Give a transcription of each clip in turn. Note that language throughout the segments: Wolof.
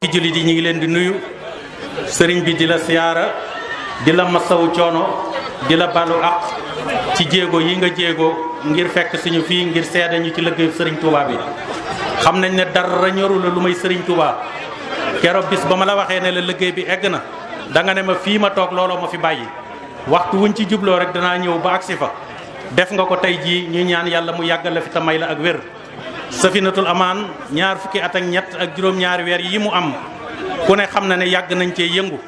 ki jullit yi ñu ngi leen di nuyu sëriñ bi di la siyaara di la masawu coono di la balu ak ci jéego yi nga jéego ngir fekk suñu fii ngir seede ci liggéeyu sëriñ Touba bi xam nañ ne dara ñoru la lu may sëriñ Touba keroog bis ba ma la waxee ne la liggéey bi egg na danga ne ma fii ma toog looloo ma fi bàyyi waxtu wuñ ci jubloo rek danaa ñëw ba agsi fa def nga ko tey jii ñu ñaan yàlla mu yàggal la fi te may la ak wér. safinatul amaan ñaar fukki at ak ñett ak juróom-ñaari weer yi mu am ku ne xam na ne yàgg nañ cee yëngu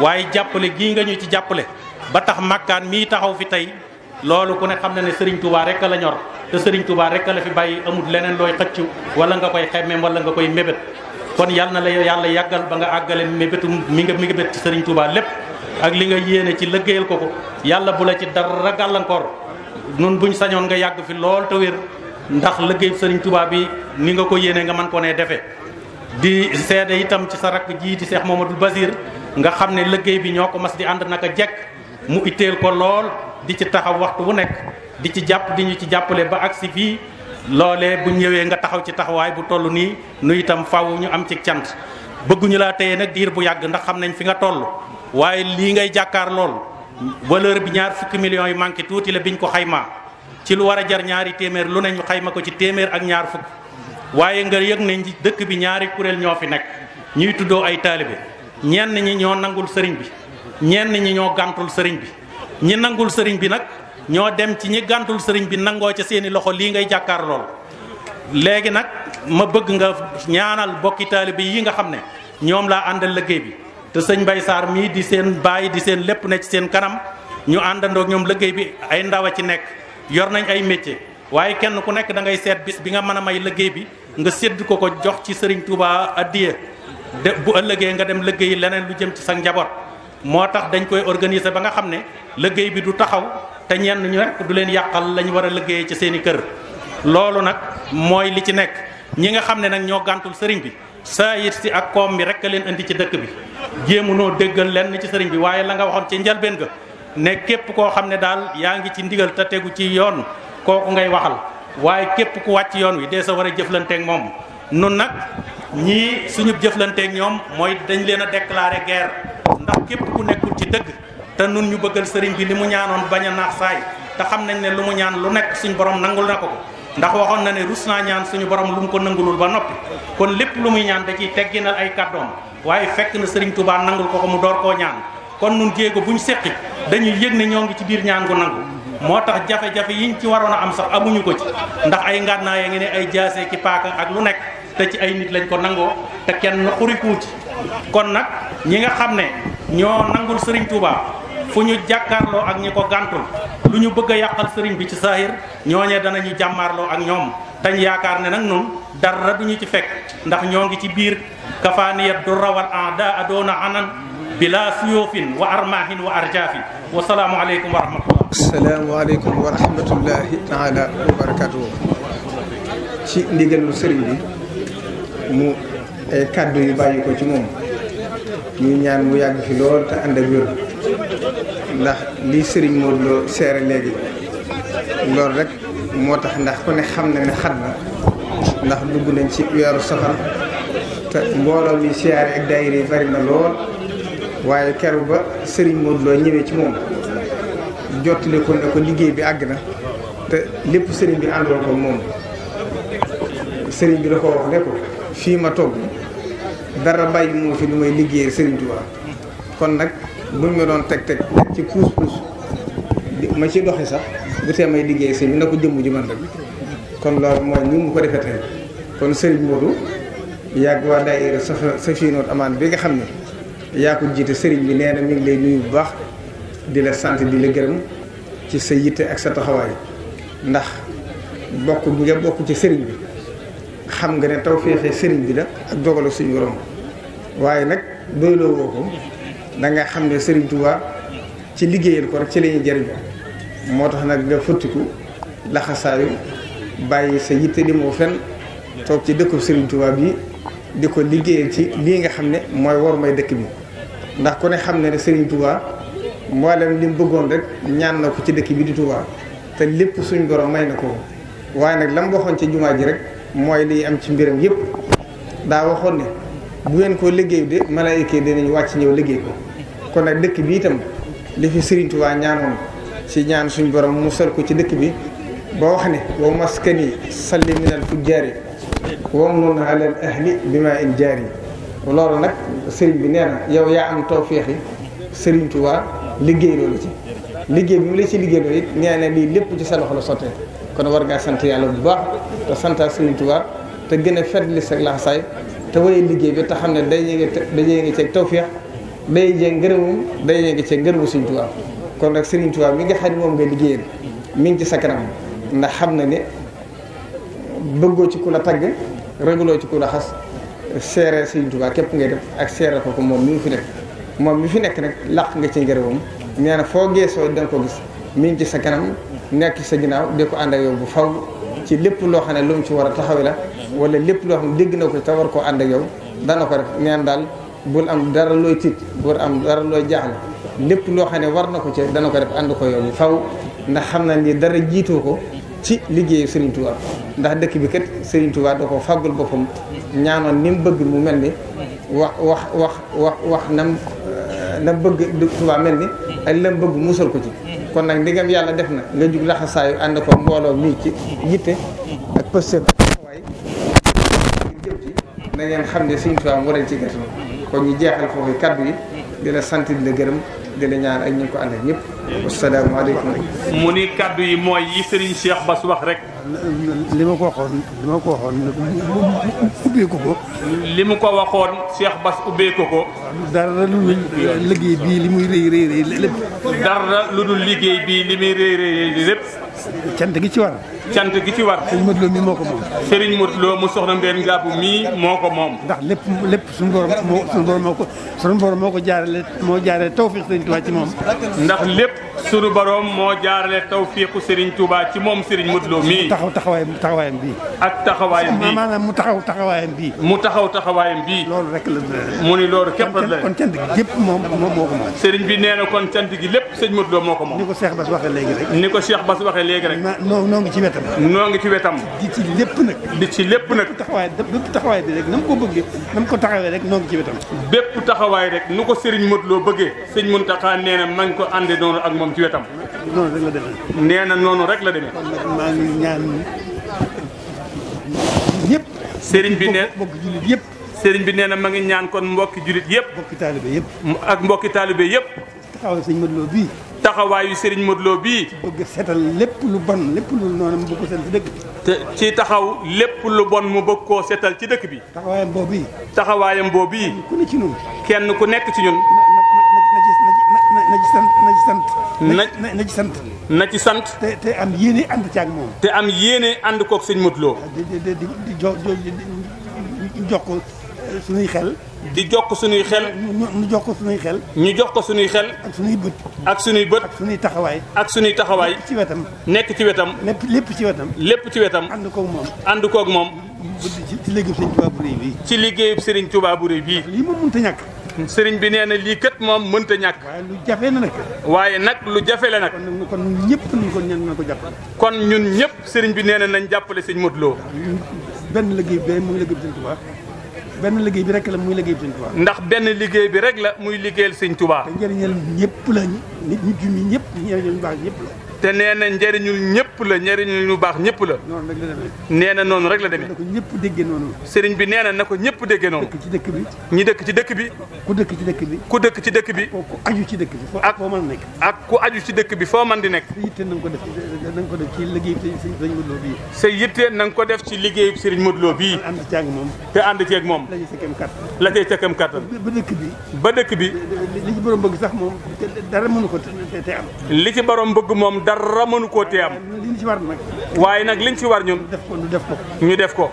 waaye jàppale gii nga ñu ci jàppale ba tax màkkaan mii taxaw fi tey loolu ku ne xam na ne Serigne Touba rek la ñor. te Serigne Touba rek la fi bàyyi amul leneen looy xëccu wala nga koy xemmeem wala nga koy mébét kon yal na la yàlla yàggal ba nga àggale mébétu mi nga mi nga bét Serigne Touba lépp ak li nga yéene ci lëggéeyal ko ko yàlla bu la ci dara gàllankoor nun buñ sañoon nga yàgg fi lool te ndax lëggéey Serigne Touba bi ni nga ko yéene nga man ko ne defee di seede itam ci sa rakk jii di a Mamadou Basir nga xam ne liggéey bi ñoo ko mas di ànd naka jekk mu itteel ko lool di ci taxaw waxtu wu nekk di ci jàpp di ñu ci jàppale ba agsi fii loole bu ñëwee nga taxaw ci taxawaay bu toll nii nu itam faw ñu am ci cant bëgguñu laa teye nag diir bu yàgg ndax xam nañ fi nga toll waaye lii ngay jàkkaar lool valeur bi ñaar fukki millions yi manqué tuuti la biñ ko xaymaa ci lu war a jar ñaari téeméer lu ne ñu xayma ko ci téeméer ak ñaar fukk waaye nga yëg ne dëkk bi ñaari kuréel ñoo fi nekk ñuy tuddoo ay taalibe ñenn ñi ñoo nangul sëriñ bi ñenn ñi ñoo gàntul sëriñ bi ñi nangul bi nag ñoo dem ci ñi gàntul sëriñ bi nangoo ca seeni loxo lii ngay jàkkaar lool léegi nag ma bëgg nga ñaanal bokki taalibe yi nga xam ne ñoom laa àndal liggéey bi sëñ Mbay Saar mii di seen baay di seen lépp ne ci seen kanam ñu àndandook ñoom liggéey bi ay ndaw a ci nekk yor nañ ay métier waaye kenn ku nekk da ngay seet bis bi nga mën a may liggéey bi nga sédd ko ko jox ci sëriñ Touba addiya de bu ëllëgee nga dem liggéeyi leneen lu jëm ci sa njaboot moo tax dañ koy organiser ba nga xam ne liggéey bi du taxaw te ñenn ñu rek du leen yàqal lañ war a liggéeyee ci seen i kër loolu nag mooy li ci nekk ñi nga xam ne nag ñoo gàntul sëriñ bi saa yit si ak koom bi rek a leen indi ci dëkk bi jéemu noo déggal lenn ci sëriñ bi waaye la nga waxoon ci njëlbeen ga ne képp koo xam ne daal yaa ngi ci ndigal te tegu ci yoon kooku ngay waxal waaye képp ku wàcc yoon wi de sa war a jëflanteeg moom nun nag ñii suñu jëflanteeg ñoom mooy dañ leen a déclarer guerre ndax képp ku nekkul ci dëgg te nun ñu bëggal sëriñ bi li mu ñaanoon bañ a naax saay te xam nañ ne lu mu ñaan lu nekk suñ borom nangul na ko ko ndax waxoon na ne rus naa ñaan suñu borom lu mu ko nangulul ba noppi kon lépp lu muy ñaan da ciy tegginal ay kàddoom waaye fekk na sëriñ Touba nangul ko ko mu door koo ñaan kon nun jéego buñ seqi dañuy yëg ne ñoo ngi ci biir ñaan gu nangu moo tax jafe-jafe yiñ ci waroon a am sax amuñu ko ci ndax ay ngànnaay ya ngi ne ay jaase ki paaka ak lu nekk te ci ay nit lañ ko nangoo te kenn xurikuwu ci ñi nga xam ne ñoo nangul sëriñ Touba fu ñu jàkkaarloo ak ñi ko gàntul lu ñu bëgg a yàqal sëriñ bi ci saahir ñooñee danañu jàmmaarloo ak ñoom dañ yaakaar ne nag nun dara du ñu ci fekk ndax ñoo ngi ci biir kafaaniyat du rawal ada adoona anan bila suyóofin wa armaahin wa arjaafi wa salaamu aleykum wa rahmatullah asalaamu wa rahmatullahi ci ndigalu sëriñ bi mu ay kàddu yu bàyyi ko ci moom ñuy ñaan mu yàgg fi lool te ànd ak wér ndax lii sëriñ Modou Lo seere léegi loolu rekk moo tax ndax ku ne xam na ne xat na ndax dugg nañ ci weeru safar te mbooloo mi siyaare ak daayira yi bari na lool waaye keru ba sëriñ Modou Lo ñëwee ci moom jottali ko ne ko liggéey bi àgg na te lépp sëriñ bi àndoo ko moom sëriñ bi da ko wax ne ko fii ma toog dara bàyyi moo fi lu may liggéeyal Serigne Touba kon nag buñ ma doon teg teg ci puus puus ma ci doxi sax bu tee may liggéeyal sëñ bi na ko jëmm ji man rek kon loolu mooy ñu mu ko defee tey kon Serigne Modou yàgg waa daayira sa Safinatoul Amane bi nga xam ne yaa ko jiite Serigne bi nee na mi ngi lay nuyu bu baax di la sant di la gërëm ci sa yitte ak sa taxawaay ndax bokk bi nga bokk ci sëriñ bi. xam nga ne taw féexee sëriñ bi la ak dogalu suñu borom waaye nag doyloo woo ko da nga xam ne sëriñ Tuubaa ci liggéeyal ko rek ci lañuy ñuy moo tax nag nga fëttiku laxasaayu bàyyi sa yitte di moo fenn toog ci dëkkub sëriñ Tuubaa bi di ko liggéeyal ci lii nga xam ne mooy war may dëkk bi ndax ko ne xam ne ne sëriñ Tuubaa mboolem li mu bëggoon rek ñaan na ko ci dëkk bi di Tuubaa te lépp suñu borom may ne ko waaye nag lam waxoon ci jumaa ji rek mooy liy am ci mbiram yépp daa waxoon ne bu ngeen ko liggéey de malaayika yi dinañ wàcc ñëw liggéey ko kon nag dëkk bi itam li fi Sëriñ Tuubaa ñaanoon ci ñaan suñ borom musal ko ci dëkk bi ba wax ne wa maskani salli minal fujjaari wam noon alal ahli bi ma in jaari loolu nag sëriñ bi nee na yow yaa am tawféexi Sëriñ Tuubaa liggéey loolu ci liggéey bi mu la ci liggéey loolu it nee lii lépp ci sa loxo la sottee kon war ngaa sant yàlla bu baax te santaat Sëriñ Tuubaa te gën a fet fetli sa laxasaay te wéyee liggéey bi te xam ne day yëngi day yëngi ceeg tawféex day yëngi ngërëmum day yëngi ceeg ngërëmu Sëriñ Tuubaa kon nag Sëriñ Tuubaa mi nga xam ne moom nga liggéeyal mi ngi ci sa kanam ndax xam na ne bëggoo ci ku la tagg rëguloo ci ku la xas seere Sëriñ képp ngay def ak seere ko ko moom mi ngi fi nekk moom mi fi nekk nag làq nga ci ngërëmam nee foo geesoo da nga mi ci sa kanam nekk sa ginnaaw di ko ànd ak yow bu faw ci lépp loo xam ne lu mu ci war a taxawe la wala lépp loo xam dégg na ko te war koo ànd yow dana ko rek neen daal bul am dara looy tiit bul am dara looy jaaxle lépp loo xam ne war na ko ci dana ko def ànd ko yow faw ndax xam na ni dara jiitoo ko ci liggéeyu Serigne Touba ndax dëkk bi kat Serigne Touba da ko fàggul boppam ñaanoon ni mu bëgg mu mel ni wax wax wax wax wax na na bëgg Touba mel ni ak lam bëgg muusal ko ci kon nag ndigam yàlla def na nga jug laxasaayu ànd ko mbooloo mii ci yitte ak pëstëf waaye jëm ci na ngeen xam ne suñu tubaab waral ci gerte kon ñu jeexal foofu kaddu yi dina la sant di la gërëm di la ñaan ak ñu ko ànd ak ñëpp. asalaamaaleykum. mu ni kaddu yi mooy yi Serigne Cheikh Bass wax rek. li ma ko waxoon li ma ko waxoon ubbeeku ko. li mu ko waxoon Cheikh Bass ubbeeku ko. dara lu dul liggéey bii li muy rëy rëy lépp. dara lu dul liggéey bii li muy rëy rëy lépp. cant gi ci war. cant gi ci war. Serigne Modou mii moo ko moom. Serigne Modou Lo mu soxna Mbène Ngabou mii moo ko moom. ndax lépp lépp suñu borom moo suñu borom ko suñu borom moo ko jaarale moo jaarale tawfiq Serigne Touba ci moom. ndax lépp suñu borom moo jaarale tawfiqu Serigne Touba ci moom Serigne Modou Lo mii. taxaw taxawaayam taxawaayam bii. ak taxawaayam bii maanaam mu taxaw taxawaayam bii. mu taxaw taxawaayam bii. loolu rek la mu ni loolu képp la kon cant gi gépp moom moo ko moom. Serigne bi nee na kon cant gi lépp Serigne Modou Lo moo ko moom. ni ko Cheikh Bass waxee léegi rek. léegi rek. noo noo ngi ci wetam. noo ngi ci wetam. di ci lépp nag. di ci lépp nag. taxawaay bépp taxawaay bi rek na mu bëggee na ko taxawee rek noo ngi ci wetam. bépp taxawaay rek nu ko sëriñ Modou bëggee. sëñ mun nee na ma ngi ko àndee noonu ak moom ci wetam. noonu rek la demee. nee na noonu rek la demee. kon maa ngi ñaan ñëpp. sëriñ bi nee bokk jullit yëpp. Serigne bi nee na ma ngi ñaan kon mbokki jullit yëpp. mbokki taalibe yëpp. ak mbokki taalibe yëpp. taxawaay sëñ Modou bii. taxawaayu Serigne Modou Lo bii. ci bëgg setal lépp lu bon lépp lu noonu mu bëgg ko setal ci dëkk bi. te ci taxaw lépp lu bon mu bëgg koo setal ci dëkk bi. taxawaayam boobu yi. taxawaayam boobu yi. ku ne ci ñun. kenn ku nekk ci ñun. na ci sant na ci sant. na na ci sant. na ci sant. te te am yéene ànd ci ak moom. te am yéene ànd koog sëñ motloo di di di di jox ko suñuy xel. di jokk suñuy xel. ñu jox ko suñuy xel. ñu jox ko suñuy xel. ak suñuy bët. ak suñuy bët. ak suñuy taxawaay. ak suñuy taxawaay. nekk ci wetam. nekk ci wetam. lépp lépp ci wetam. lépp ci wetam. ànd koog moom. ànd kook moom. ci liggéeyu Serigne Touba bu rëy bii. ci liggéeyu bu rëy bii. lii moom mënut a ñàkk. sëriñ bi nee na lii kat moom mënta ñàkk. waaye lu jafe la nag. waaye nag lu jafe la nag. kon ñun ñëpp nañ ko ñan na ko jàppale. kon ñun ñëpp sëriñ bi nee na nañ jàppale sëñ Modou loo benn liggéey bi mooy liggéey benn liggéey bi rek la muy liggéey sëñ Tuubaa ndax benn liggéey bi rek la muy liggéeyal sëñ Tuubaa te njëriñal ñëpp la nit ñi junni ñëpp njëriñal ñu baax ñëpp la te nee na njëriñul ñëpp la njëriñul ñu baax ñëpp la. nee na noonu rek la demee. sëriñ bi nee na na ko ñëpp déggee noonu. dëkk ci dëkk bi. ñi dëkk ci dëkk bi. ku dëkk ci dëkk bi. ku dëkk ci bi. ku aju ci dëkk bi foo mën nekk. ak ku aju ci dëkk bi foo man di nekk. sa yitte na nga ko def ci liggéey sëriñ Modou Lo bii. te ànd ceeg moom. la cay cëkkam kàttan. ba dëkk bi. ba dëkk bi. li ci borom bëgg sax ko te am. li ci bëgg moom dara mënu koo tee am. waaye nag liñ ci war ñun. ñu def ko ñu def ko.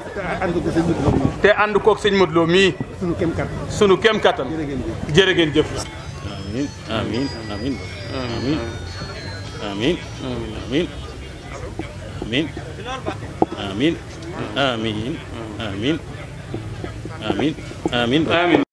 te ànd koog sëñ Modou Lo mii. sunu kem kattan sunu kem kattan. jërë ngeen jëf. amiin amiin amiin amiin amiin amiin amiin amiin